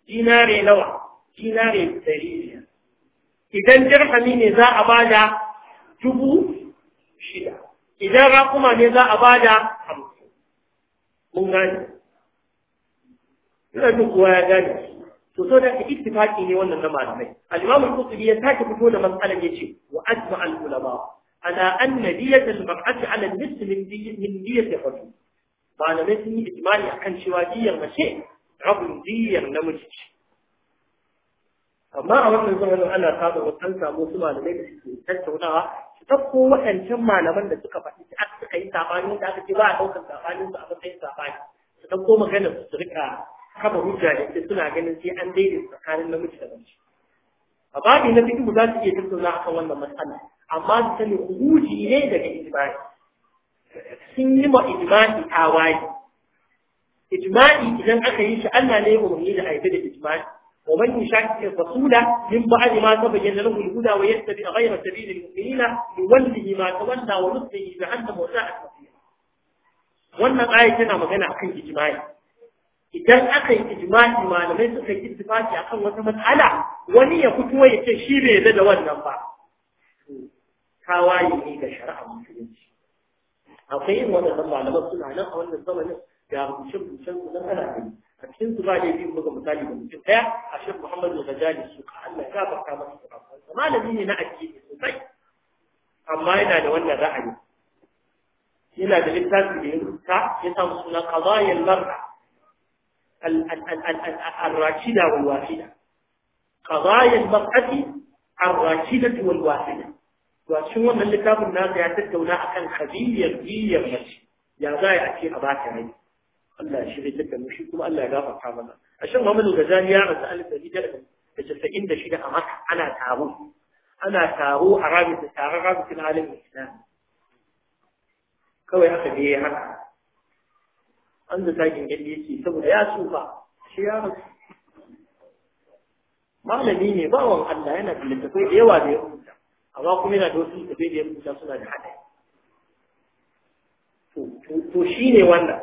dinare nawa dinare ɗari ne. idan dirhami ne za a ba da dubu shida idan rakuma ne za a ba da hamsin mun gani sai duk kowa ya gane to so da ittifaqi ne wannan na malamai al-imam al-qurtubi ya sake fito da mas'alan yace wa ajma al-ulama ala anna diyat al-mar'ati ala al-nisf min diyat min diyat malamai sun yi ijmani akan cewa diyar mace rabin diyar namiji amma a wannan zamanin ana saba wa an samu su malamai da suke tattaunawa su ɗauko waɗancan malaman da suka faɗi su aka yi saɓani da aka ce ba a ɗaukar saɓanin su aka yi saɓani su ɗauko maganar su rika kafa hujja da ita suna ganin sai an daidaita tsakanin namiji da mace a babi na fiqh za su iya tattauna akan wannan matsala amma su sani huji ne daga ijma'i sun yi ma ijma'i waye. ijma'i idan aka yi shi Allah ne ya umarni da aiki da ijma'i ومن يشاكك الرسول من بعد ما تبين له الهدى ويتبع غير سبيل المؤمنين يوله ما تولى ونصره جهنم وساءت مصيره. wannan ayat tana magana akan ijima'i idan aka yi ijma'i malamai suka yi a kan wata matsala wani ya fito ya ce shi bai yarda da wannan ba kawaye ne ga shari'a musulunci akwai yin waɗannan malamai suna nan a wannan zamanin ga rubuce-rubucen su ana gani a cikin su ba da biyu buga misali da mutum ɗaya a shi muhammadu gajali su ka allah ya baka masa da malami ne na addini sosai amma yana da wannan ra'ayi yana da littafi da ya rubuta ya samu suna qadayil mar'a الراكدة والواحدة قضايا المرأة الراكدة والواحدة وشو من اللي كانوا الناس يعتدون كان خبير كبير ماشي يا ضايع في أباك عيني الله شغل لك المشيكم الله يغافر حامنا عشان ما منه غزال يا في الذي تسفئين ده شيء أمك أنا تعبوه أنا تعبوه أرامي تتعرى في العالم الإسلامي كوي aka biye haka an zata zagin gani yake saboda ya tsufa shi ya rasu malami ne bawan Allah yana da littafai da yawa da ya rubuta amma kuma yana da wasu littafai da ya rubuta suna da haɗa to shi ne wannan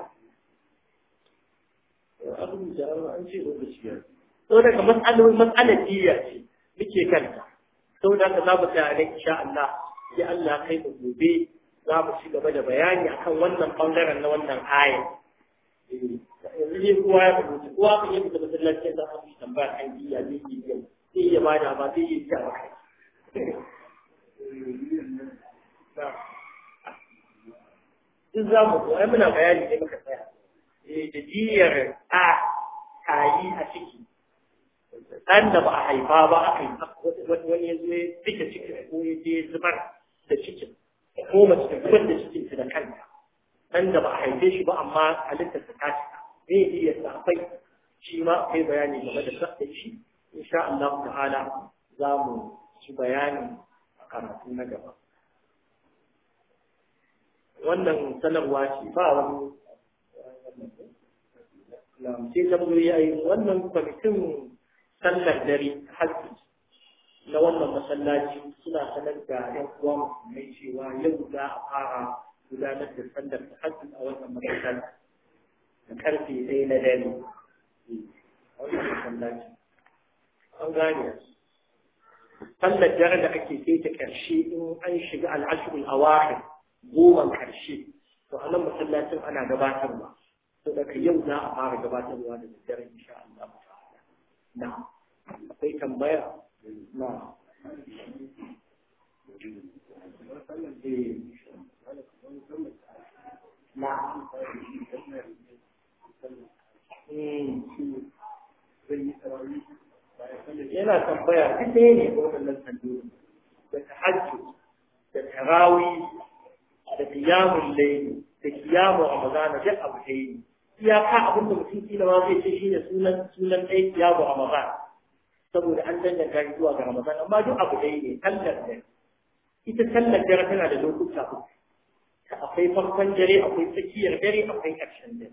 abin da an ce lokaci ya sau daga matsalolin matsalar diya ce muke kanta sau da ka za mu tsaya nan insha Allah ya Allah kai mu gobe za mu ci gaba da bayani akan wannan bangaren na wannan ayin yanzu eh, dai kowa ya fahimci kowa kan yi fita masallaci yadda aka fi tambaya kan biya zai yi yau sai ya bada ba sai ya ja maka In za mu koya muna bayani ne muka tsaya eh, da jiyar a kayi a ciki ɗan da ba a haifa ba aka yi wani ya zo ya cika cikin ko ya je zubar da cikin ko mace ta zubar da cikin ta da kanta dan da ba a haife shi ba amma halittar ta ta zai iya safai shi ma akwai bayani game da safai shi insha Allah ta'ala za mu ci bayani a karatu na gaba wannan sanarwa ce ba wani sai tambayoyi ya yi wannan kwamitin sallar dare hajji na wannan masallaci suna sanar da 'yan mai cewa yau za a fara gudanar da sandar sallar tahajjud a wannan masallaci da karfe ɗaya na dare a wannan masallaci an gane sallar dare da ake kai ta ƙarshe in an shiga al'ashirin a wahin goman ƙarshe to a nan masallacin ana gabatarwa to daga yau za a fara gabatarwa da daddare insha Allah ta'ala na akwai tambaya na yana tambaya duk ne ne ga waɗannan tambayoyi da ta hajji da tarawi da qiyamul laini da qiyamu ramadan da abu ɗaya ya ka abin da mutum kila ma zai ce ne sunan sunan ɗaya qiyamu ramadan saboda an danganta shi zuwa ga ramadan amma duk abu yi ne tallar ne ita sallar da tana da lokuta uku akwai farkon dare akwai tsakiyar dare akwai ƙarshen dare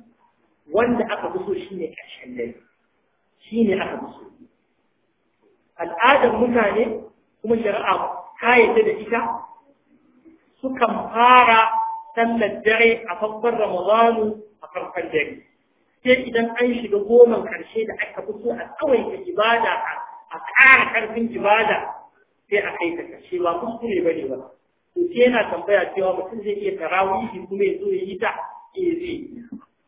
wanda aka fi so shine ƙarshen dare shine aka fi so al'adar mutane kuma shari'a ta yadda da ita sukan fara sallar dare a farkon ramadanu a farkon dare sai idan an shiga goman karshe da aka fi so a tsawaita ibada a ƙara ƙarfin ibada sai a kai ta karshe ba kuskure ba ne ba sai yana tambaya cewa mutum zai iya tarawihi kuma ya zo ya yi ta eh zai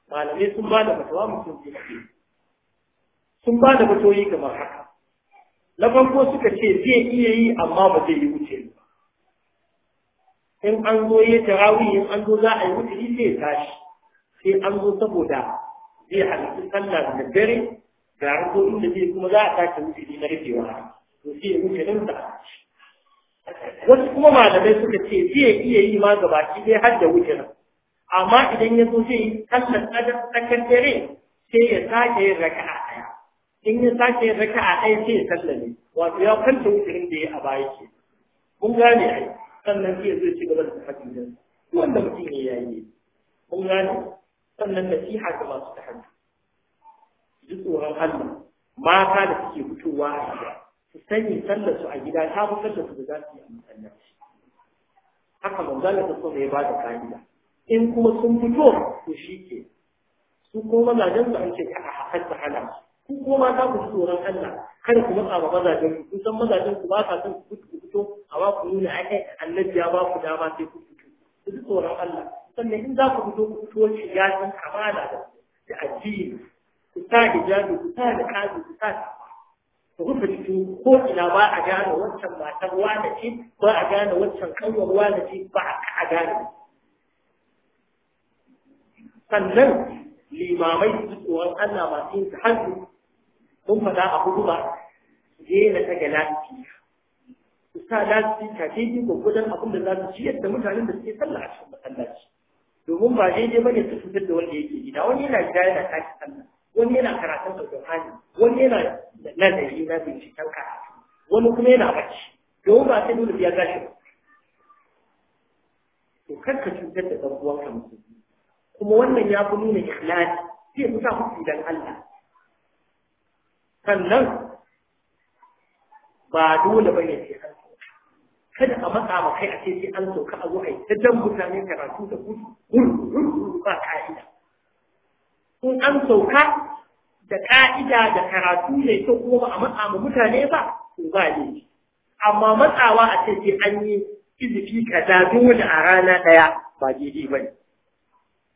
malamai sun ba da fatawa mutum zai ce sun ba da fatoyi kamar haka na farko suka ce zai iya yi amma ba zai yi wuce ba in an zo ya tarawihi in an zo za a yi wuce sai tashi sai an zo saboda zai halittu sallah da dare ga rago inda zai kuma za a tashi wuce na rufewa to sai ya wuce nan da wasu kuma malamai suka ce zai iya yi ma gabaki dai har da wucin amma idan ya zo zai kallon tsakar dare sai ya sake yin raka a ɗaya in ya sake yin raka a ɗaya sai ya sallame wato ya kanta wucin da ya a baya ke kun gane ai sannan sai ya zo ci gaba da tahajjud din wanda mutum ne yayi kun gane sannan nasiha ga masu tahajjud ji tsoron Allah mata da suke fitowa a gida su sani sallar su a gida ta fi sallar su da za su yi a shi. haka manzala ta so ya ba da ka'ida in kuma sun fito to shi ke su kuma mazajen su an ce ta a hakan su hana su ku kuma ta ku ji tsoron Allah kada ku matsa ba mazajen ku kun san mazajen ku ba sa son ku fito a ba ku nuna ai annabi ya ba ku dama sai ku fito ku ji tsoron Allah sannan in za ku fito ku fito shi ya san kamala da addini ku sa hijabi ku sa da kazi ku sa rubutu ko ina ba a gane wancan matar wane ce ba a gane wancan kanwar wane ce ba a gane sannan limamai su tsoron Allah masu yin hannu sun fada a hudu ba su ta ga lafiya su sa lafiya ta daidai gwagwadon abin da za su ci yadda mutanen da suke sallah a cikin masallaci domin ba daidai ne su fitar da wanda yake gida wani yana gida yana tashi sallah wani yana karatun alƙur'ani wani yana nazari na binciken karatu wani kuma yana bacci domin ba sai dole ya gashi ba to kar ka cutar da ɗan uwanka kuma wannan ya fi nuna ikhlasi sai mu sa ku dan Allah sannan ba dole bane sai an kada a matsa ma kai a ce sai an sauka a zo a yi ta jan mutane karatu da gudu ba ka'ida in an sauka da ka'ida da karatu mai kyau kuma ba a matsa ma mutane ba to ba ne amma matsawa a ce an yi izifi kaza dole a rana daya ba daidai ba ne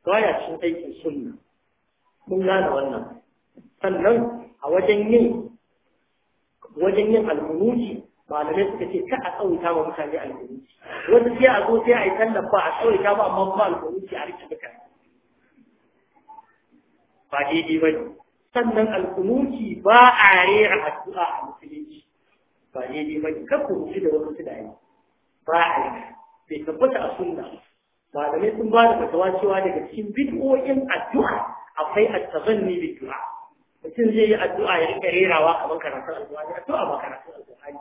baya cin aikin sunna mun gane wannan sannan a wajen yin wajen yin almunuji malamai suka ce ka a tsawaita wa mutane almunuji wasu sai a zo sai a yi tallafa a tsawaita ba amma kuma almunuji a rike mutane ba daidai ba ne sannan alkunuti ba a rera addu'a a musulunci ba daidai ba ne kan kunuti da wasu tunani ba a yi bai tabbata a sunna malamai sun ba da fatawa cewa daga cikin bid'o'in addu'a akwai at-tazanni bi du'a mutum zai yi addu'a ya rika rerawa kamar karatun alƙur'ani addu'a ba karatun alƙur'ani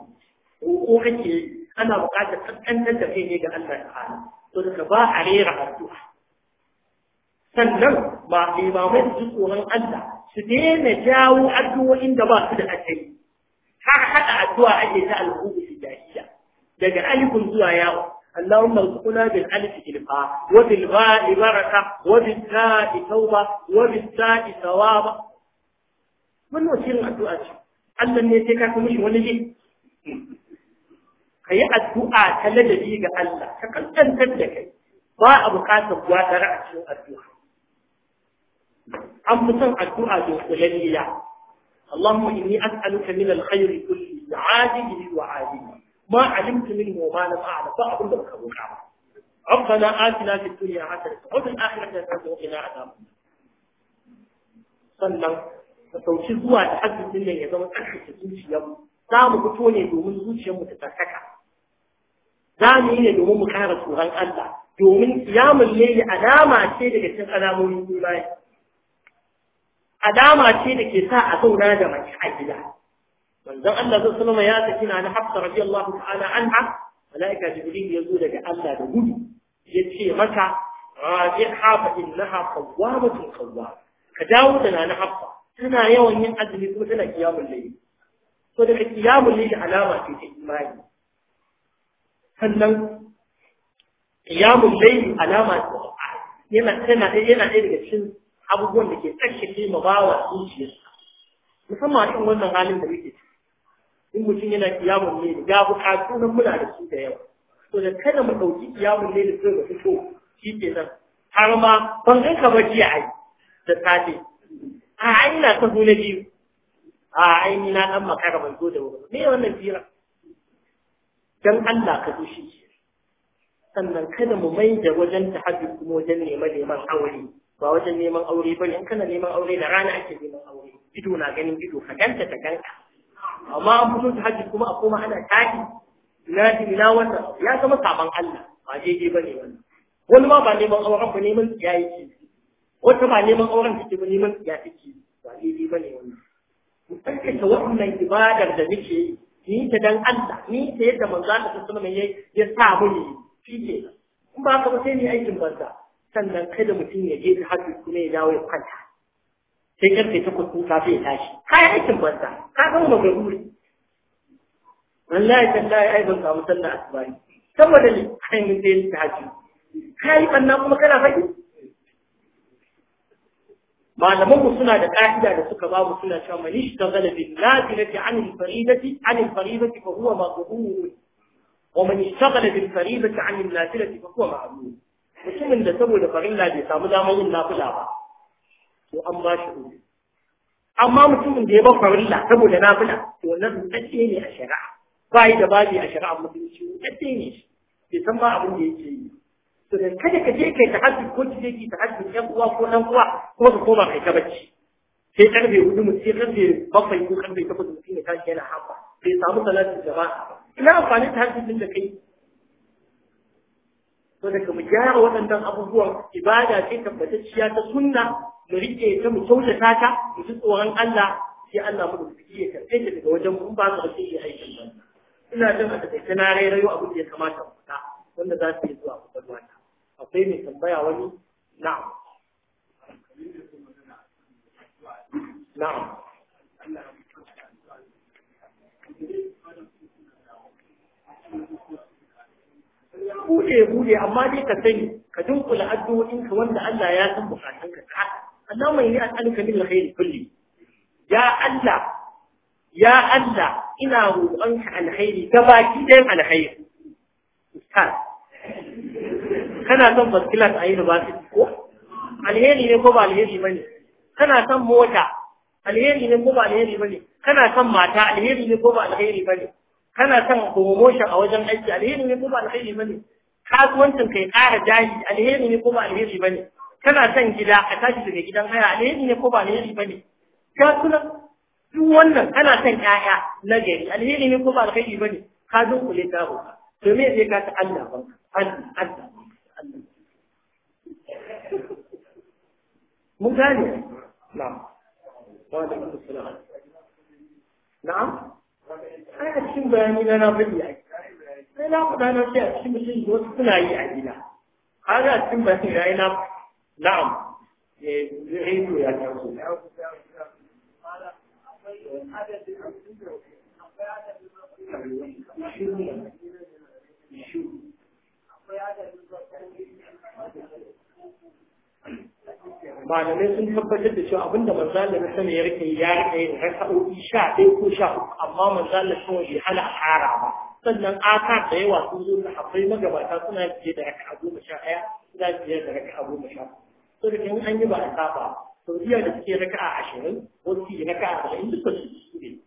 ko kake ana buƙatar kankantar da kai ne ga Allah ta'ala to daga ba a rera addu'a sannan ba imamai su tsoron Allah su daina jawo addu'o'in da ba su da asali har haɗa addu'a ake ta al'ubu su jahiya daga alifin zuwa yawo اللهم ارزقنا بالالف الفا وبالغاء بركه وبالتاء توبه وبالتاء ثوابا من وسيل الدعاء Allah ne sai ka kuma wani jin ka yi addu'a ta ladabi ga Allah ka kankantar da ba a bukatar gwatara a cikin addu'a an fi son addu'a da kulalliya Allahumma inni as'aluka min alkhairi kulli ajilihi wa ajilihi ما علمت منه وما لم اعلم فاقول لك ابو كعب ربنا اتنا في الدنيا حسنه وفي الاخره حسنه وقنا عذاب sannan ka sauki zuwa da asibitin nan ya zama tsarkake zuciyar za mu fito ne domin zuciyar mu ta tsarkaka za mu yi ne domin mu kara tsoron Allah domin kiyamun ne alama ce daga cikin alamomin imani alama ce da ke sa a zauna da mace a gida manzon Allah sallallahu alaihi ya saki na Hafsa radiyallahu ta'ala anha malaika jibril ya zo daga Allah da gudu Ya ce mata rajiha fa innaha qawwamatun qawwam ka dawo da na Hafsa tana yawan yin azumi kuma tana kiyamul layl to daga kiyamul layl alama ce ta imani sannan kiyamul layl alama ce yana yana yana daga cikin abubuwan da ke tsarkake ma wa zuciyarsa musamman in wannan halin da muke in mutum yana kiyamun ne ya buƙatu nan muna da su da yawa to da kada mu ɗauki kiyamun ne da sai ga fito shi ke nan har ma ban ka ba jiya ai da safe a ai ina ta zo na biyu a ai ni na dan makara ban zo da wuri me wannan fira dan Allah ka zo shi sannan kada mu mai da wajen haɗu, kuma wajen neman neman aure ba wajen neman aure bane in kana neman aure da rana ake neman aure ido na ganin ido ka ganta ta ganka amma an fito ta haji kuma a koma ana tashi ina ji ina wannan ya zama sabon Allah ba daidai ne wannan wani ma ba neman auren ba neman tsiya yake wata ba neman auren take ba neman tsiya take ba daidai ne wannan mu tsakanta wannan ibadar da nake ni ta dan Allah ni ta yadda manzo Allah sallallahu alaihi wasallam ya sa mu ne shi ke in ba ka ba sai ni aikin banza sannan kada mutum ya je hajji kuma ya dawo ya kwanta sai karfe takwas ko kafin ya tashi kayan aikin banza ka ga magaruri wallahi tallahi ai ban samu sallah asibari saboda ni kai mun sai ta haji kai banna kuma kana faɗi malaman mu suna da ka'ida da suka ba mu suna cewa ta ishtaghala bil nafilati an al faridati an al faridati fa huwa maqbul wa man ishtaghala bil faridati an al nafilati fa huwa ma'lum mutumin da saboda farilla bai samu damar yin nafila ba to an ba shi uku amma mutumin da ya ba farilla saboda nafila to wannan rudadde ne a shari'a ba yi da babi a shari'a musulunci rudadde ne shi bai san ba abin da yake yi to da kada ka je kai ta hajji ko ki je ki ta hajji ɗan uwa ko ɗan uwa kuma ka koma kai ta bacci sai karfe hudu mu sai karfe bakwai ko karfe takwas mutum ya tashi yana haɓa bai samu salatin jama'a ina amfani ta hajji ɗin da kai wanda daga mu gyara waɗannan abubuwan ibada ce tabbatacciya ta sunna mu rike ta mu kyautata ta mu ji tsoron Allah sai Allah mu dubi ya karɓe ta daga wajen mun ba su sai ya aiki ina jin a takaice na rairayo abin da ya kamata mu wanda za su yi zuwa kwakwalwa ta akwai mai tambaya wani na'am na'am Thank you. bude bude amma dai ka sani ka dunkula addu'o'in ka wanda Allah ya san bukatun ka ka Allah mai ya as'aluka min alkhairi kulli ya Allah ya Allah ina roƙonka alkhairi ta baki ɗayan alkhairi ustaz kana son first class a university ko alheri ne ko ba alheri bane kana son mota alheri ne ko ba alheri bane kana son mata alheri ne ko ba alheri bane kana son promotion a wajen aiki alheri ne ko ba alheri bane kasuwancin kai ƙara jari alheri ne ko ba alheri bane kana son gida a tashi daga gidan haya alheri ne ko ba alheri bane ka kula duk wannan kana son ƴaƴa na gari alheri ne ko ba alheri bane ka zo kule ka ho to me zai ka ta Allah ba Allah Allah mun gane na'am wa alaikumus assalam na'am na na na faɗa a cikin mutum suna yi a gida har yi Thank you. malamai sun tabbatar da cewa abinda manzo Allah na sama ya rike ya rike raka'o'i sha ɗaya ko sha uku amma manzo Allah sama bai hana a ƙara ba sannan aka da yawa sun zo da haɓai magabata suna fiye da raka'a goma sha suna fiye da raka'a goma sha uku to da an yi ba a saba saudiya da suke raka'a ashirin wasu suke raka'a arba'in duka su ne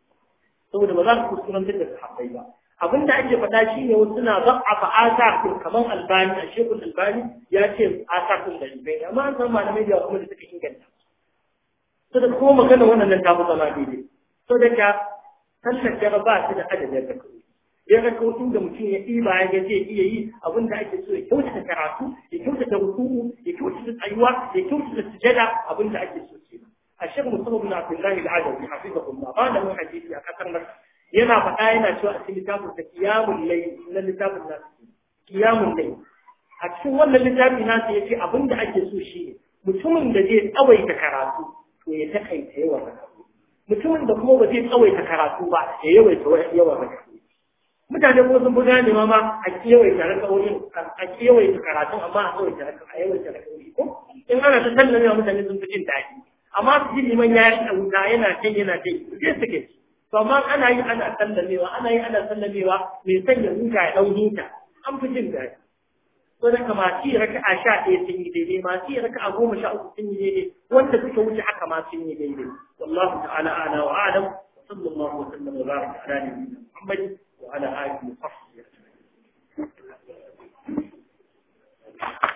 saboda ba za su kuskurantar da sahabbai ba abin da ake faɗa shi ne wasu suna a asar ɗin kamar albani a shekul albani ya ce asar ɗin da ribai ne amma an san malamai da kuma da suka inganta su da kuma magana wannan ta fi zama daidai so da ka sallar jara ba su da adadin da kawai ya ga kawai da mutum ya ɗiba ya zai iya yi abin da ake so ya kyautata karatu ya kyautata ruku'u ya kyautata tsayuwa ya kyautata sujada abin da ake so kenan a shekul musamman na abdullahi al'adar ya hafi da kuma ba da mun hadisi a ƙasar masar yana faɗa yana cewa a cikin littafin ta kiyamun lai na littafin nasu kiyamun lai a cikin wannan littafin nasu ya ce abin da ake so shi ne mutumin da zai tsawaita karatu to ya takaita yawan karatu mutumin da kuma ba zai tsawaita karatu ba ya yawaita yawan karatu mutane ko sun fi gane ma ma a kewaita rakawoyin a kewaita karatu amma a kewaita a yawaita rakawoyi ko in ana ta sallame wa mutane sun fi jin daɗi amma su ji liman ya yi wuta yana kai yana kai zai suke ci to amma ana yi ana sallamewa ana yi ana sallamewa mai sanya huta ya dau huta an fi jin daɗi ko da kama ci raka'a sha ɗaya sun yi daidai ma ci raka'a goma sha uku sun yi daidai wanda suka wuce haka ma sun yi daidai wallahu ta'ala ana wa adam sallallahu wa sallam wa baraka ala nabiyyina muhammad wa ala alihi wa sahbihi